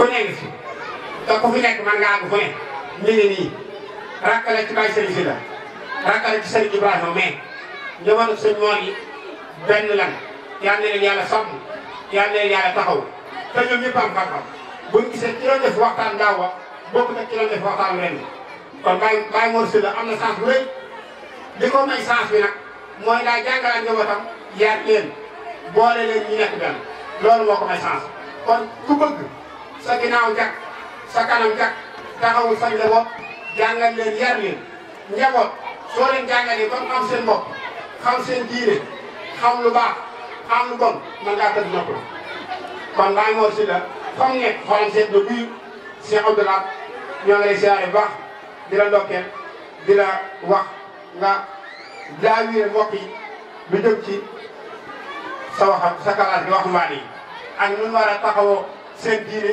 ku ne ngi si te ku fi nekk mën ngaa àgg ku ne mi ngi nii rakkale ci bàyyi sëriñ si la rakkale ci sëriñ Ibrahima mais njabootu sëñ benn lan yal na leen yàlla sàmm yal na leen yàlla taxaw te ñoom ñëpp am xam-xam buñ gisee ci waxtaan daaw wa bokk na ci doon waxtaan ren kon Baye Baye Mor Sylla am na chance bu rëy li ko may chance bi nag mooy daa jàngalaat njabootam yar leen boole leen ñu nekk benn loolu moo ko may chance kon ku bëgg. sa ginnaaw jag sa kanam jag taxawul sa njaboot jàngal leen yar leen njaboot soo leen jàngalee ba xam seen bopp xam seen diine xam lu baax xam lu bon man ngaa tëdd nopp kon Baye Mor Sylla fa mu nekk xolam seet lu buy Cheikh Abdoulaye ñoo lay siyaare baax di la ndokkeel di la wax nga daawire mbokk yi lu jëm ci sa wax sa kalaas bi wax mbaa ak nu mu taxawoo seen diine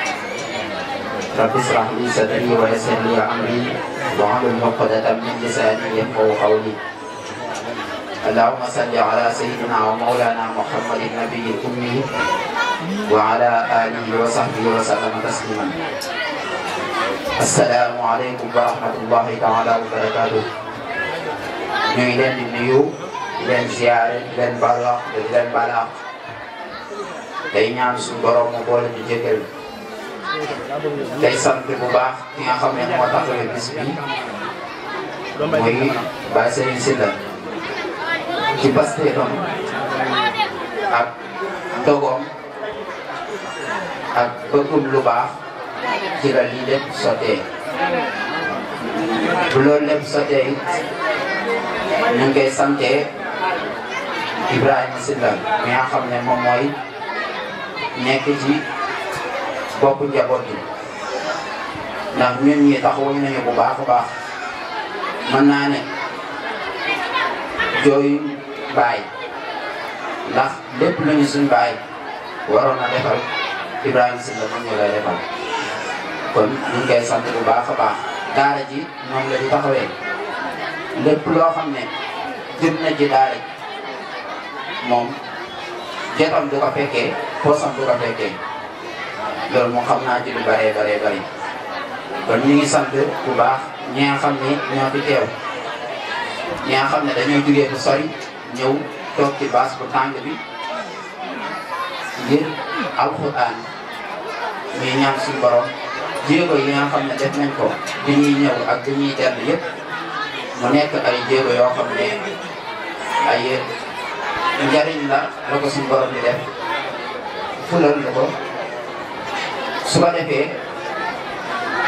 رب اشرح لي صدري ويسر لي امري واحلل عقدة من لساني يفقهوا قولي اللهم صل على سيدنا ومولانا محمد النبي الامي وعلى اله وصحبه وسلم تسليما السلام عليكم ورحمه الله تعالى وبركاته ñu ngi leen di nuyu di leen ziare di leen balaax di leen balaax sang tey sant bu baax ki nga xam ne moo taxawee bis bi muy Baye Serigne Sylla ci pasteefam ak dogoom ak bëggum lu baax ci la lii lépp sottee bu loolu lépp sottee it ñu ngi koy sante Ibrahima Sylla mi nga xam ne moom mooy cái gì. bokk njaboot yi ndax ñun ñi taxawuñ nañu bu baax baax mën naa ne jooyuñ baay ndax lépp lu ñu baay waroon na defal Ibrahima si la ñu la defal kon ñu ngi koy bu baax a baax daara ji moom la taxawee lépp loo xam ne jëm na ci daara moom jotam du ko fekkee poosam du ko fekkee loolu moo xam naa ci lu bëree bëree bëri kon ñu ngi sant bu baax ñi nga xam ni ñoo fi teew ñi nga xam ne dañuy jugee bu sori ñëw toog ci baas bu tàng bi ngir alxuraan ñuy yi nga xam ne def nañ ko bi ñuy ñëw ak bi ñuy jàll nekk ay jéego yoo xam ne ay njariñ la la ko suñu borom di def fulal la ko su ko defee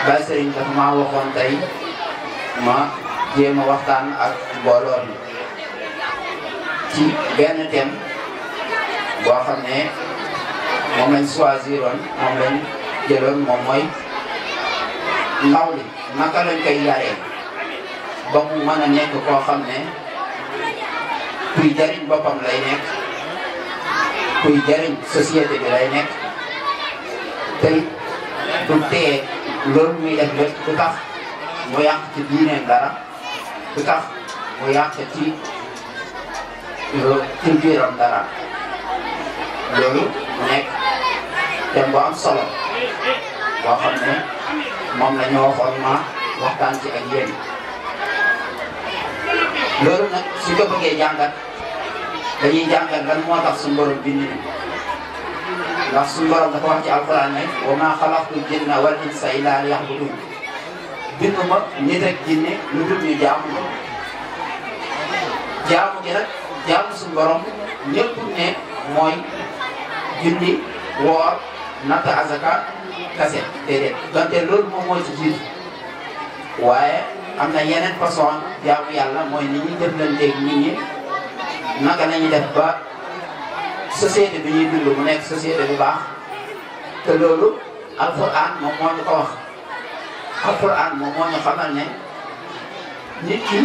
Baye Serigne dafa maa waxoon tey ma jéem waxtaan ak mbooloo ci benn thème boo xam ne moom lañ choisiroon moom lañ jëloon moom mooy ndaw naka lañ koy yaree ba mu mën a nekk koo xam ne kuy jariñ boppam lay nekk kuy jariñ société bi lay nekk tey du tee loolu mi def lépp du tax mu yàq ci diineen dara du tax mu yàq ci ci biiram dara loolu nekk dem bu am solo boo xam ne moom la ñu ma waxtaan ci ak yéen loolu nag suñ ko bëggee jàngat dañuy jàngat lan tax ndax suñu borom dafa wax ci alquran ne wa maa xalaqtul jinna wal insa illaa liya'buduun binduma nit ak jinne lu dul ñu jaamu ko jaamu gi nag jaamu suñu borom ñëpp ne mooy julli woor natt azaka kase déedéet donte loolu moom mooy ci jiitu waaye am na yeneen façon jaamu yàlla mooy ni ñuy jëflanteeg nit ñi naka nañu def ba société bi ñuy dund mu nekk société bu baax te loolu alquran moom moo ñu ko wax alquran moom moo ñu xamal ne nit ki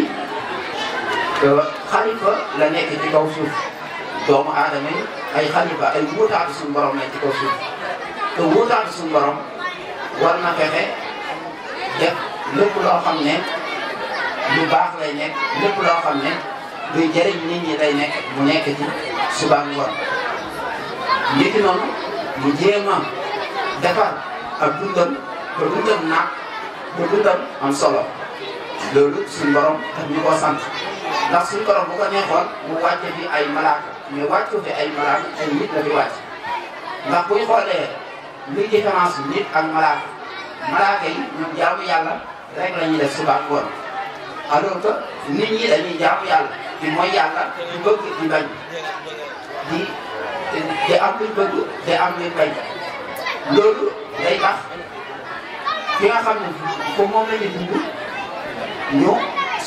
euh, xalifa la nekk ci kaw suuf doomu aadama ay xalifa ay wuutaatu suñu borom lañ ci war na fexe def lépp loo xam ne lu baax lay nekk lépp loo xam ne luy jëriñ nit ñi lay nekk mu nekk ci suba ngoon léegi noonu mu jéem a defar ak dundam ba dundam naat am solo loolu suñu borom tax ñu ko sant ndax suñu borom bu ko neexoon fi ay malaaka mais wàccu fi ay malaaka ay nit la fi wàcc ndax buy xoolee luy différence bi ak malaaka malaaka yi ñoom jaamu yàlla rek la ñuy def suba ngoon alors que nit ñi jaamu yàlla di mooy yàlla di bëgg di bañ day am luñ bëgg day am luñ bañ loolu day tax ki nga xam ne ko moom la ñu dund ñu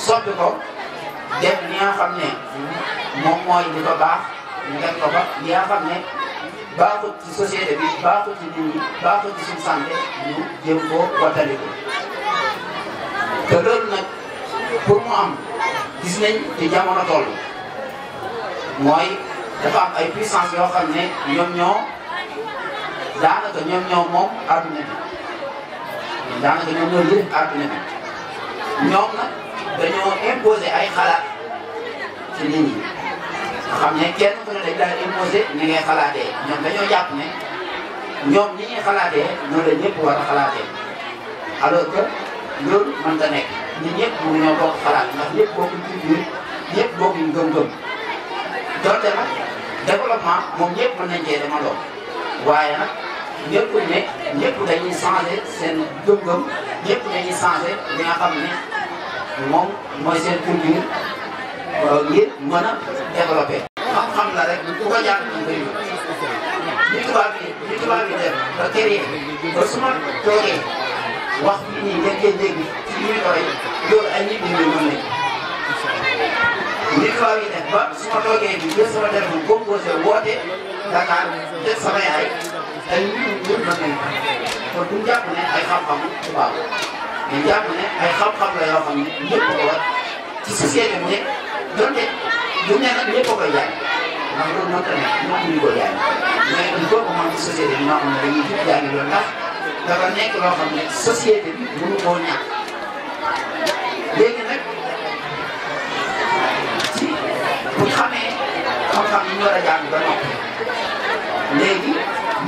soppi ko def li nga xam ne moom mooy li ko baax ñu def ko ba li nga xam ne baaxut ci société bi baaxut ci nit ñi baaxut ci suñu santé ñu jëm koo wattali te loolu nag pour mu am gis nañ ci jamono toll mooy. dafa am ay puissance yoo xam ne ñoom ñoo daanaka ñoom ñoo moom adduna bi daanaka ñoom ñoo yëpp ñoom nag dañoo imposé ay xalaat ci nit ñi xam ne kenn ku ne dañ daal imposé ni ngay xalaatee ñoom dañoo jàpp ne ñoom ni ñuy xalaatee ñoo la ñëpp war a xalaatee alors que loolu mën ta nekk nit ñëpp mu ñoo bokk xalaat ndax ñëpp bokkuñ culture ñëpp bokkuñ gëm-gëm donte nag développement moom ñëpp mën nañ cee demandoo waaye nag ñëpp ne seen gëm-gëm ñëpp dañuy changé li nga xam moom mooy seen culture euh, ngir mën a développé. xam-xam la rek bu ko jàng ñu koy yóbbu li tubaab bi li tubaab bi def ba créé ba su ma toogee wax nit ñi ngeen koy dégg ci micro li faaw yi def ba su ma toogee bi jël sama téléphone composé woote Dakar jël sama yaay ay nit ñi mën nañu kon duñ jàpp ne ay xam-xam tubaab dañ jàpp ne ay xam-xam la yoo xam ne ñëpp ko war ci société mu ne donte du ne nag ñëpp a koy jaay ndax loolu noonu tamit ñoom ñu koy jaay mais il faut que man ci société bi ñoo xam ne dañuy jub jaay loolu ndax dafa nekk loo xam ne société bi mënu koo ñàkk léegi nag. bu xamee xam-xam yi ñu war a jàng ba noppi léegi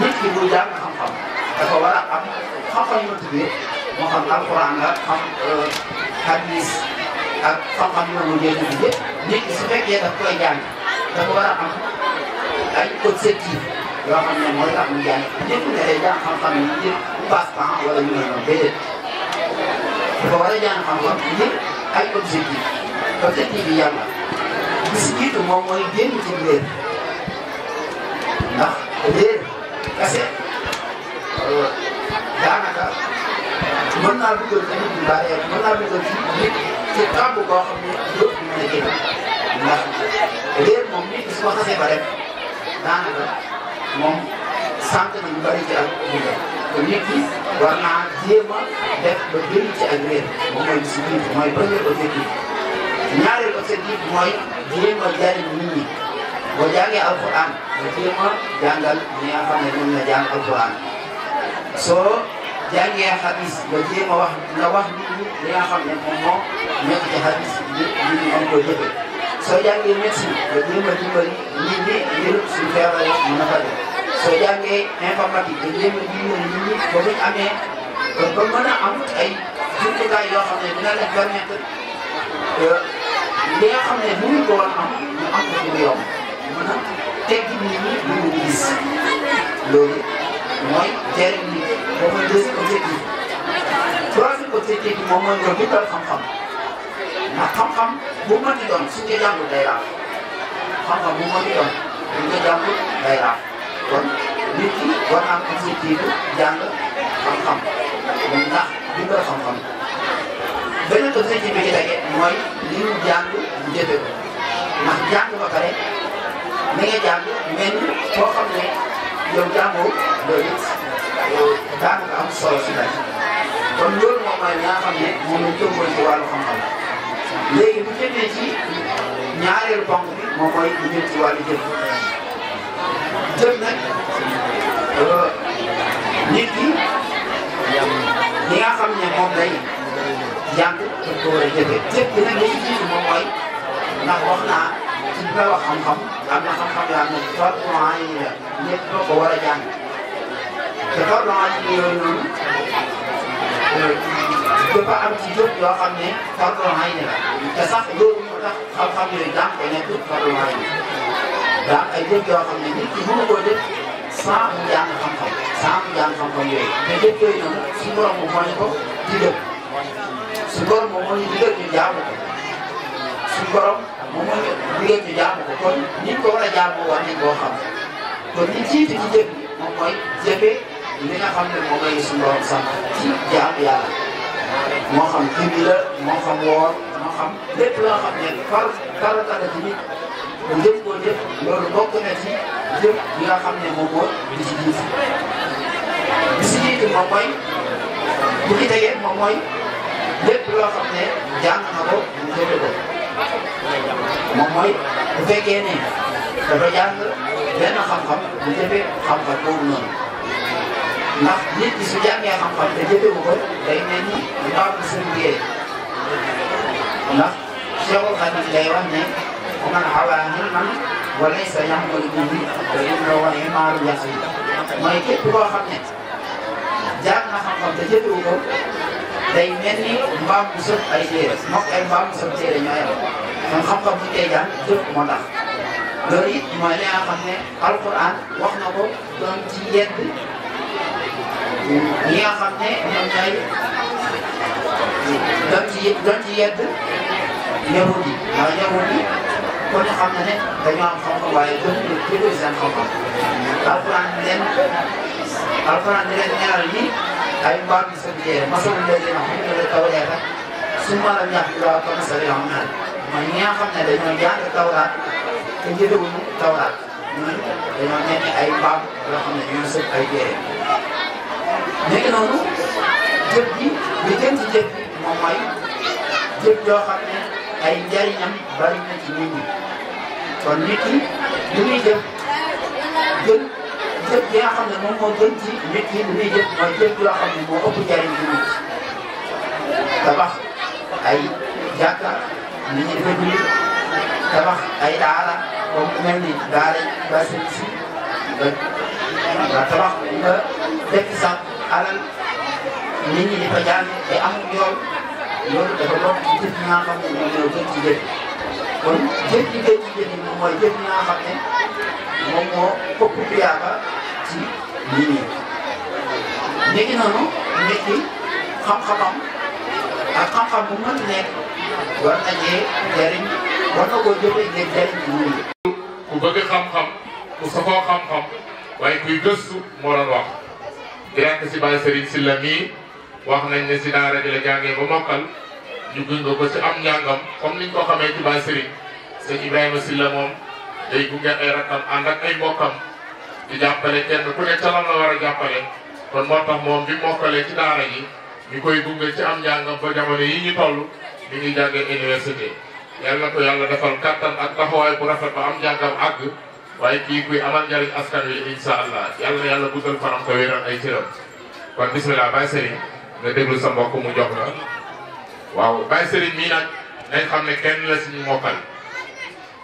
nit ki buy jàng xam-xam dafa war a am xam-xam yu ma tuddee moo xam alxuraan la xam hadis ak xam-xam yu ma mujjee tuddee nit ki su fekkee daf koy jàng dafa war a am ay objectif yoo xam ne mooy tax mu jàng ñëpp nga day jàng xam-xam yi ñëpp passe temps wala ñu ne noonu déedéet dafa war a jàng xam-xam ñëpp ay objectif objectif yi yàlla bi eh, si jiitu moom mooy génn ci réer ndax réer kese daanaka mën naa dugal tamit bu baax mën naa dugal moom nit ki su ko xasee ba rek daanaka moom sant nañu bari ci ak dundam te nit ki war def ba génn ci ak réer moom mooy li si jiitu mooy premier objectif ñaareel objectif mooy jéem a jariñ nit ñi boo jàngee alquran nga jéem a jàngal ñi nga xam ne ñoom la soo jàngee xadis nga jéem a wax nit ñi ngir suñu feebar mën a soo jàngee informatique nga jéem a dimbali nit ñi ba buñ amee ba mën a am ay jumtukaay yoo xam ne dina leen permettre li nga xam ne mënuñ ko war a am am ko fi mu yomb a teggi nit ñi lu ñu loolu mooy jëriñ nit moom mooy deuxième objectif troisième objectif bi moom mooy nga dundal xam-xam ndax xam-xam bu mën di doon suñ ko jàngul day raaf xam-xam bu mën di doon suñ ko jàngul day raaf kon nit ki war am objectif jàng xam-xam ndax dundal xam-xam beneen objectif bi ci tege mooy li ñu jàng ñu jëfe ko ndax jàng ba pare ni nga jàng mel ni koo xam ne yow jàngoo loolu it daan nga am solo si laaj kon loolu moom mooy li nga xam ne moom lañ tënkoon ci wàllu xam-xam léegi bu jëmee ci ñaareelu ponk bi moom mooy lu jëm ci wàllu jëf jëf nag euh, nit ki li nga xam ne moom lay. yang tu dia dia dia dia ni semua mai nak orang nak cinta lah ham ham ham ham ham yang ni tuan mai ni tu bawa yang kita lai ni ni Bapak am tidur dua kali ni, tuan lai ni. Kesak lu kita ham ham yang dah punya tu tuan lai. Dah ajar dua kali ni, tidur dua kali. Sam yang ham ham, sam yang ham ham ni. Jadi tu yang semua orang mau ni tu tidur. su loolu moom moo ñu digal ñu jaamu ko suñu borom moom moo ñu digal ñu ko kon ni ko a jaamu war nañ koo xam kon li jiitu ci jëf moom mooy jëfe li nga xam ne moom la ñu suñu moo xam jiw la moo loo xam ne bi nga xam ne moom moo di ci jiitu si jiitu moom mooy bu ci tegee moom mooy. lépp loo xam ne jàng na ko mu jënd ko moom mooy bu fekkee ne dafa jàng benn xam-xam bu jëfee xam-xam boobu noonu ndax nit ki su jàngee xam-xam te jëfewu ko day mel ni lu baax la seen liggéey ndax Cheikhul Khadim day wax ne ku man xawaa nit man wala sa yàmbali nit ñi te yéen loo wane maaru yàq yi mooy képp koo xam ne jàng na xam-xam te jëfewu ko. day mel ni mbaam bu sëb ay téere mook ay mbaam bu sëb xam-xam bu tey jàng jëf moo tax loolu it xam ne alquran wax na ko doon ci yedd ñi nga xam ne ñoom ñooy doon ci doon ci yedd yahud xam xam-xam waaye doon ci seen xam-xam alquran leen الحيوان من سبيله مثل الذين حملوا التوراة ثم لم يحملوها كمثل العمال mooy ñi nga xam ne dañoo jàng tawraat te jëlewuñu tawraat ñun dañoo nekk ay mbaam yoo xam ne ñoo sëb ay jéere léegi noonu jëf joo xam ne ay njariñam bari na ci nit ñi kon nit ñi li muy jël jëf gi nga xam ne moom moo gën ci nit yi muy jëf mooy jëf yoo xam nga xam ne moom moo gën nga xam ne moom moo ëpp tuyaaba ci nit ñi noonu nit xam-xamam ak xam-xam bu mën nekk war na jariñ war na koo jógee ngeen jariñ nit ñi ku bëgg xam-xam ku safoo xam-xam waaye kuy gëstu moo doon wax di rakk si Baye Serigne Sylla mii wax nañ ne si daara ji la jàngee ba mokkal ñu gunge ko ci am njàngam comme niñ ko xamee ci Baye Serigne sëñ Ibrahima Sylla moom day gunge ay rakkam ànd ak ay mbokkam di jàppale kenn ku ne ca lan la wara a kon motax mom bi mokkalee ci daara yi ñu koy gunge ci am jangam ba jamono yi ñu toll ñu ngi jàngee université yalla ko yalla defal katan ak taxaway bu rafet ba am jangam ag waye ki kuy amal njariñ askan wi inshallah yalla yalla buggal faram ko wéral ay ciram kon bismillah bay Serigne nga déglu sa mbokk mu jox la waaw bay Serigne mi nak nañ xam kenn la suñu mokkal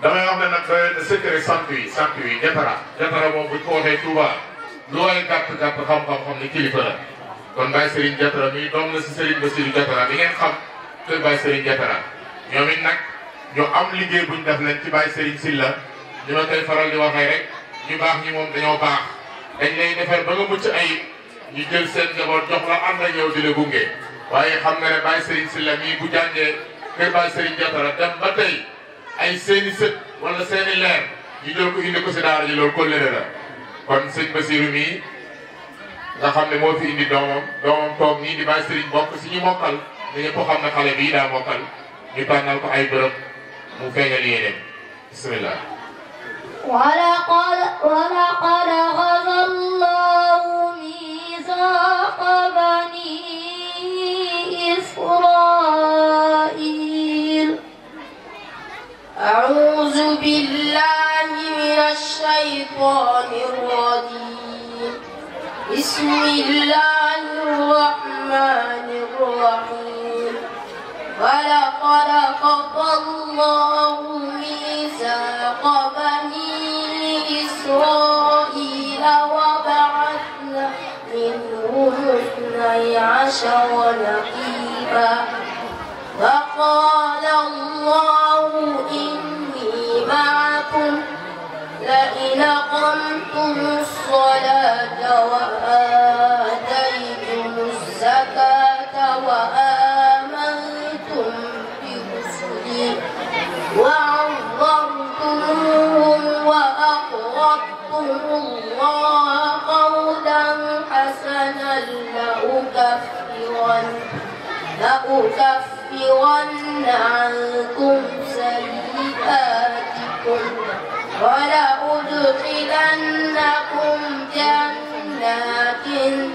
damay wax ne nag secret sant yi sant yi jatara jatara moom bu ñu ko waxee Touba lu waaye gàtt gàtt xam-xam xam ni kilifa la kon Baye Serigne Jatara mii doom na si Serigne Bassirou Jatara bi ngeen xam kër Baye Serigne Jatara ñoom nag ñu am liggéey buñ def leen ci Baye Serigne Silla ñu ma koy faral di waxee rek ñu baax ñi moom dañoo baax dañ lay defar ba nga mucc ayib ñu jël seen njaboot jox la ànd ak yow di la gunge waaye xam nga ne Baye Serigne Silla mii bu jàngee kër Baye ay seeni sët wala seeni leer ñu jël ko indi ko si daara ji loolu kóllëre la kon sëñ Basiru mii nga xam ne moo fi indi doomam doomam toog nii di bàyyi sëriñ bokk si ñu mokkal ne ñëpp xam na xale bii daa mokkal ñu tànnal ko ay bërëb mu feeñal dem bismillah ولقد ولقد غزا الله ميثاق بني إسرائيل الشيطان الرجيم بسم الله الرحمن الرحيم ولقد قضى الله ميثاق بني إسرائيل وبعثنا منهم اثني عشر نقيبا فقال الله إن فإن أقمتم الصلاة وآتيتم الزكاة وآمنتم برسلي وعظمتموهم وأقرضتم الله قولا حسنا لأكفرن لأكفرن عنكم سيئاتكم ولا لأدخلنكم جنات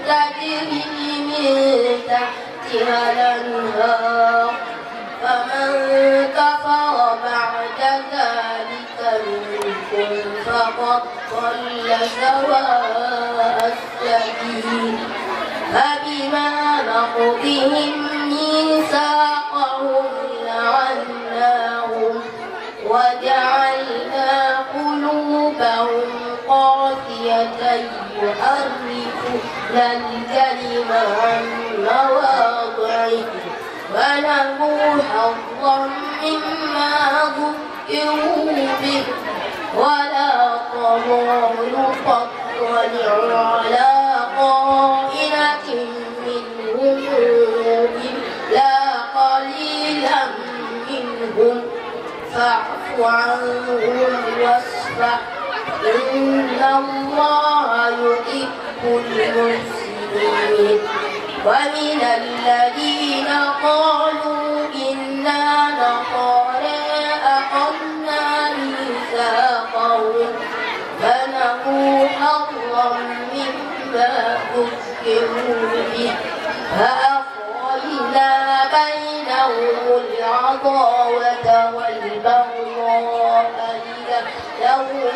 تجري من تحتها الأنهار فمن كفر بعد ذلك منكم فقد ضل سواء السبيل فبما نقضهم ميثاق الكلم عن مواضعه فله حظا مما ذكروا به ولا طمعن فاطلع على قائلة منهم إلا قليلا منهم فاعف عنهم واصفح إن الله يحب المرسلين ومن الذين قالوا إنا نصارى أخذنا ميثاقهم فنقوا حظا مما ذكروا به فأخرجنا بينهم العداوة والبغضاء إلى يوم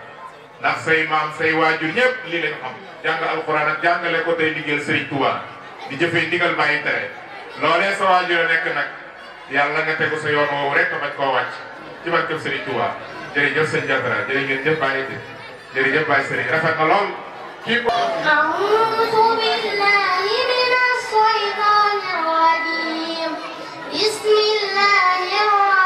ndax say maam say waajur ñëpp lii xam jàng alxuraan ak jàngale ko tey liggéeyal di jëfee ndigal bàyyi tere loolee sa waajur a nekk nag yàlla nga tegu sa yoon woowu rek bañ koo wàcc ci barkeb Serigne Touba jërëjëf sëñ Diatara jërë ngeen jëf bàyyi di jërëjëf bàyyi Serigne rafet na lool kii ko أعوذ بالله من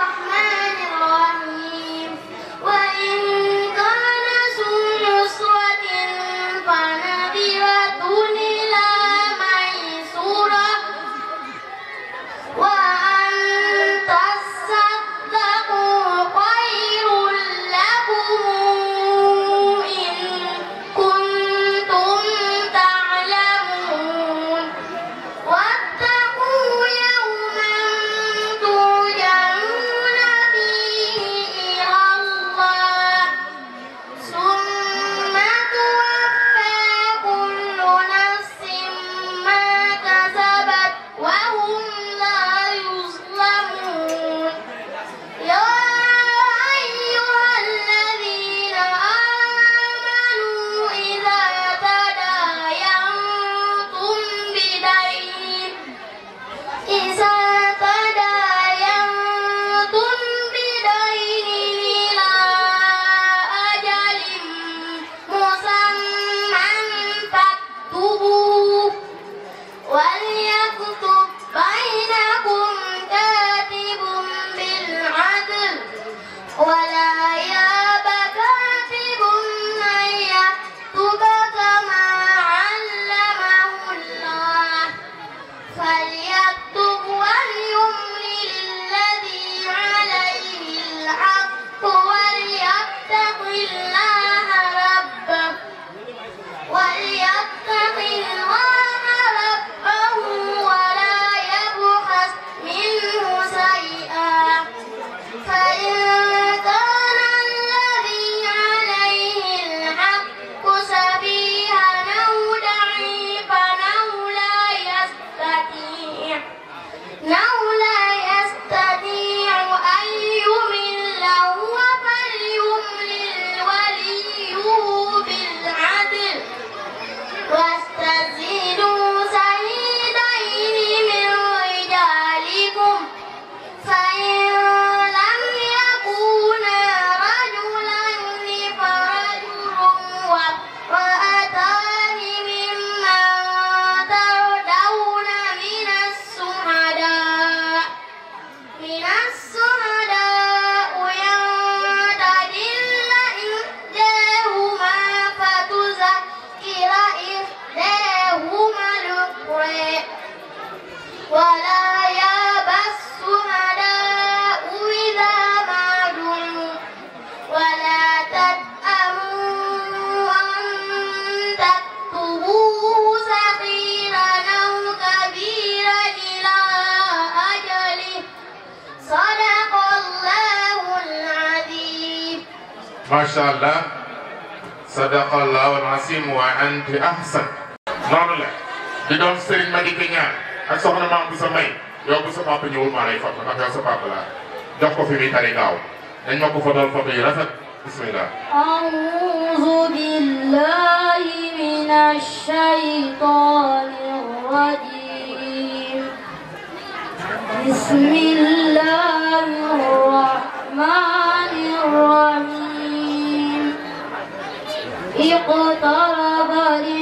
incha allah sadaqallahu al-aziim wa anti ahsan noonu la di doon Serigne Madické Niang ak soxna maam bu sa may yow bu sa papa ñëwul maa lay foto ndax yow sa papa laa jox ko fi muy tari gaaw dañ ma ko fotool foto yu rafet bismillah a'uuzu billahi minash shaytaanir rajiim bismillahir rahmaanir rahiim اقترب